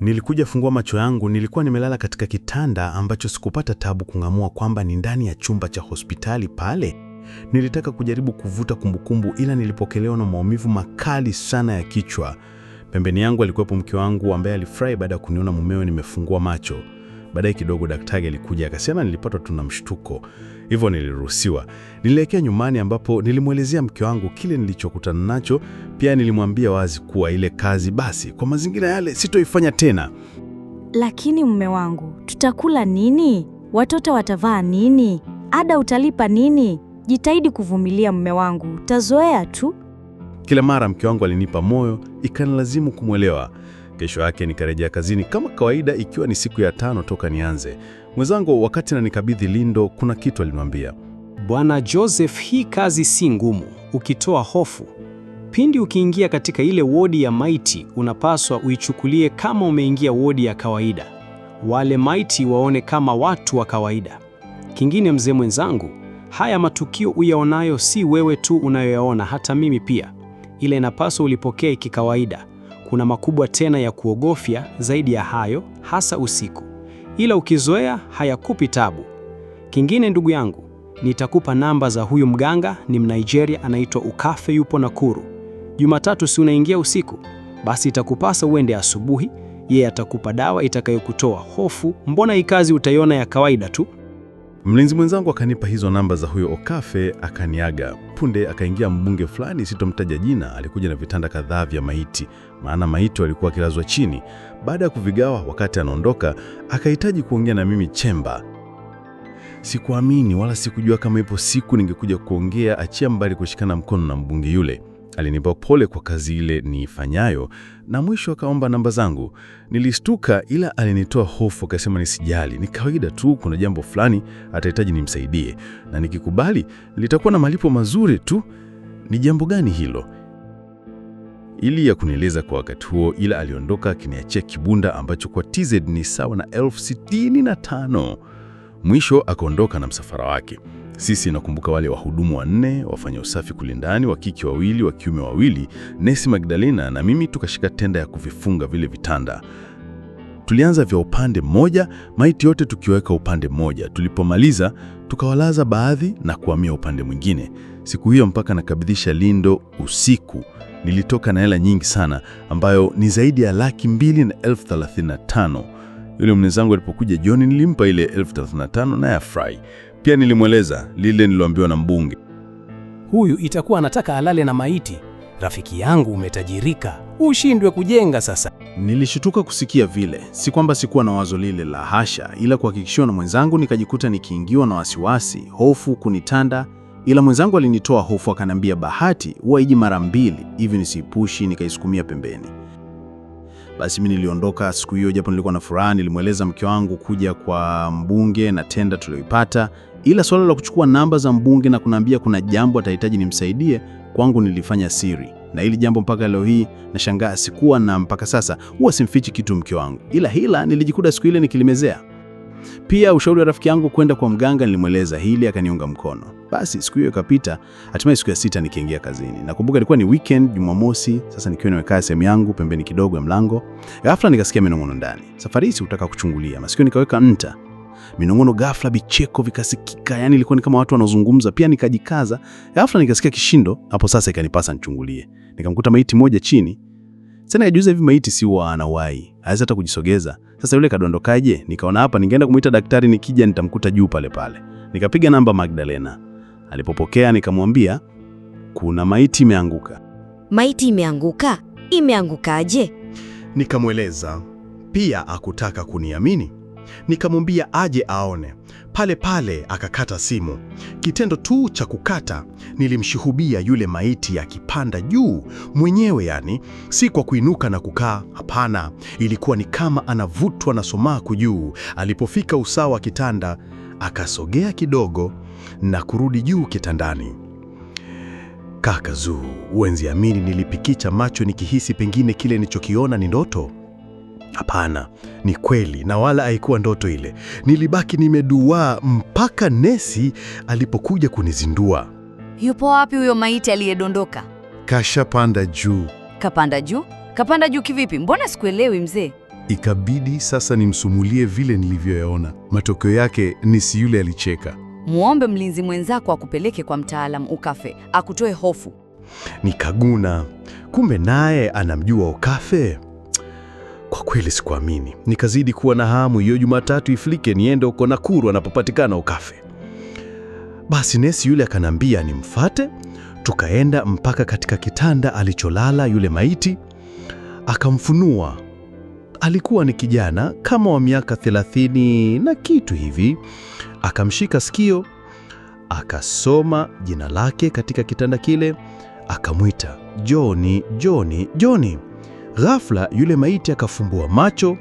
Nilikuja fungua macho yangu, nilikuwa nimelala katika kitanda ambacho sikupata tabu kung'amua kwamba ni ndani ya chumba cha hospitali pale. Nilitaka kujaribu kuvuta kumbukumbu, ila nilipokelewa na maumivu makali sana ya kichwa. Pembeni yangu alikuwepo mke wangu ambaye alifurahi baada ya kuniona mumewe nimefungua macho. Baadaye kidogo daktari alikuja akasema nilipatwa tu na mshtuko, hivyo niliruhusiwa. Nilielekea nyumbani ambapo nilimwelezea mke wangu kile nilichokutana nacho. Pia nilimwambia wazi kuwa ile kazi basi kwa mazingira yale sitoifanya tena. Lakini mume wangu, tutakula nini? Watoto watavaa nini? Ada utalipa nini? Jitahidi kuvumilia mume wangu, utazoea tu. Kila mara mke wangu alinipa moyo, ikanilazimu kumwelewa. Kesho yake nikarejea kazini kama kawaida, ikiwa ni siku ya tano toka nianze. Mwenzangu wakati na nikabidhi lindo, kuna kitu aliniambia, Bwana Joseph, hii kazi si ngumu ukitoa hofu. Pindi ukiingia katika ile wodi ya maiti, unapaswa uichukulie kama umeingia wodi ya kawaida, wale maiti waone kama watu wa kawaida. Kingine mzee mwenzangu, haya matukio uyaonayo si wewe tu unayoyaona, hata mimi pia, ile inapaswa ulipokee kikawaida kuna makubwa tena ya kuogofya zaidi ya hayo, hasa usiku, ila ukizoea hayakupi tabu. Kingine ndugu yangu, nitakupa namba za huyu mganga, ni Mnigeria anaitwa Ukafe, yupo Nakuru. Jumatatu si unaingia usiku, basi itakupasa uende asubuhi, yeye atakupa dawa itakayokutoa hofu. Mbona hii kazi utaiona ya kawaida tu. Mlinzi mwenzangu akanipa hizo namba za huyo Okafe, akaniaga. Punde akaingia mbunge fulani, sitomtaja jina, alikuja na vitanda kadhaa vya maiti, maana maiti walikuwa akilazwa chini. Baada ya kuvigawa, wakati anaondoka, akahitaji kuongea na mimi chemba. Sikuamini wala sikujua kama ipo siku ningekuja kuongea, achia mbali kushikana mkono na mbunge yule. Alinipa pole kwa kazi ile niifanyayo na mwisho akaomba namba zangu. Nilistuka, ila alinitoa hofu, akasema nisijali, ni kawaida tu, kuna jambo fulani atahitaji nimsaidie, na nikikubali litakuwa na malipo mazuri tu. Ni jambo gani hilo? ili ya kunieleza kwa wakati huo, ila aliondoka akiniachia kibunda ambacho kwa TZ ni sawa na elfu sitini na tano. Mwisho akaondoka na msafara wake. Sisi nakumbuka wale wahudumu wanne wafanya usafi kule ndani, wa kike wawili, wa kiume wawili, nesi Magdalena na mimi tukashika tenda ya kuvifunga vile vitanda. Tulianza vya upande mmoja, maiti yote tukiweka upande mmoja. Tulipomaliza tukawalaza baadhi na kuhamia upande mwingine. Siku hiyo mpaka nakabidhisha lindo usiku, nilitoka na hela nyingi sana, ambayo ni zaidi ya laki mbili na elfu thelathini na tano. Yule mwenzangu alipokuja jioni nilimpa ile elfu thelathini na tano naye afurahi. Pia nilimweleza lile niloambiwa na mbunge. Huyu itakuwa anataka alale na maiti. Rafiki yangu umetajirika, ushindwe kujenga sasa. nilishutuka kusikia vile, si kwamba sikuwa na wazo lile la hasha, ila kuhakikishiwa na mwenzangu, nikajikuta nikiingiwa na wasiwasi, hofu kunitanda. Ila mwenzangu alinitoa hofu, akaniambia, Bahati huwa iji mara mbili hivi, nisiipushi. Nikaisukumia pembeni. Basi mi niliondoka siku hiyo, japo nilikuwa na furaha. Nilimweleza mke wangu kuja kwa mbunge na tenda tulioipata, ila suala la kuchukua namba za mbunge na kunaambia kuna jambo atahitaji nimsaidie kwangu nilifanya siri, na hili jambo mpaka leo hii nashangaa sikuwa na mpaka sasa huwa simfichi kitu mke wangu, ila hila nilijikuta siku ile nikilimezea. Pia ushauri wa rafiki yangu kwenda kwa mganga nilimweleza hili, akaniunga mkono. Basi siku hiyo ikapita, hatimaye siku ya sita nikiingia kazini. Nakumbuka ilikuwa ni weekend, Jumamosi. Sasa nikiwa nimekaa sehemu yangu pembeni kidogo ya mlango, ghafla nikasikia minong'ono ndani. Safari hii sikutaka kuchungulia masikio, nikaweka nta Minongono ghafla, vicheko vikasikika, yani ilikuwa ni kama watu wanazungumza. Pia nikajikaza, ghafla nikasikia kishindo. Hapo sasa ikanipasa nichungulie, nikamkuta maiti moja chini. Sasa nikajiuliza, hivi maiti si huwa anawai, hawezi hata kujisogeza? Sasa yule kadondokaje? Nikaona hapa ningeenda kumuita daktari, nikija nitamkuta juu pale pale. Nikapiga namba Magdalena. Alipopokea nikamwambia kuna maiti imeanguka. Maiti imeanguka? Imeangukaje? Nikamweleza pia akutaka kuniamini. Nikamwambia aje aone. Pale pale akakata simu. Kitendo tu cha kukata, nilimshuhubia yule maiti akipanda juu mwenyewe, yani si kwa kuinuka na kukaa, hapana. Ilikuwa ni kama anavutwa na sumaku juu. Alipofika usawa wa kitanda, akasogea kidogo na kurudi juu kitandani. Kaka Zuu, huwezi amini, nilipikicha macho nikihisi pengine kile nilichokiona ni ndoto. Hapana, ni kweli na wala haikuwa ndoto ile. Nilibaki nimeduaa mpaka nesi alipokuja kunizindua. Yupo wapi huyo maiti aliyedondoka? Kashapanda juu. Kapanda juu? Kapanda juu kivipi? Mbona sikuelewi mzee. Ikabidi sasa nimsumulie vile nilivyoyaona. Matokeo yake nesi yule alicheka. Muombe mlinzi mwenzako akupeleke kwa mtaalamu Ukafe akutoe hofu. Nikaguna, kumbe naye anamjua Ukafe. Kwa kweli sikuamini, nikazidi kuwa na hamu hiyo Jumatatu ifike, niende huko Nakuru anapopatikana ukafe Basi nesi yule akanambia nimfate, tukaenda mpaka katika kitanda alicholala yule maiti, akamfunua. Alikuwa ni kijana kama wa miaka thelathini na kitu hivi. Akamshika sikio, akasoma jina lake katika kitanda kile, akamwita Joni, Joni, Joni. Ghafla yule maiti akafumbua macho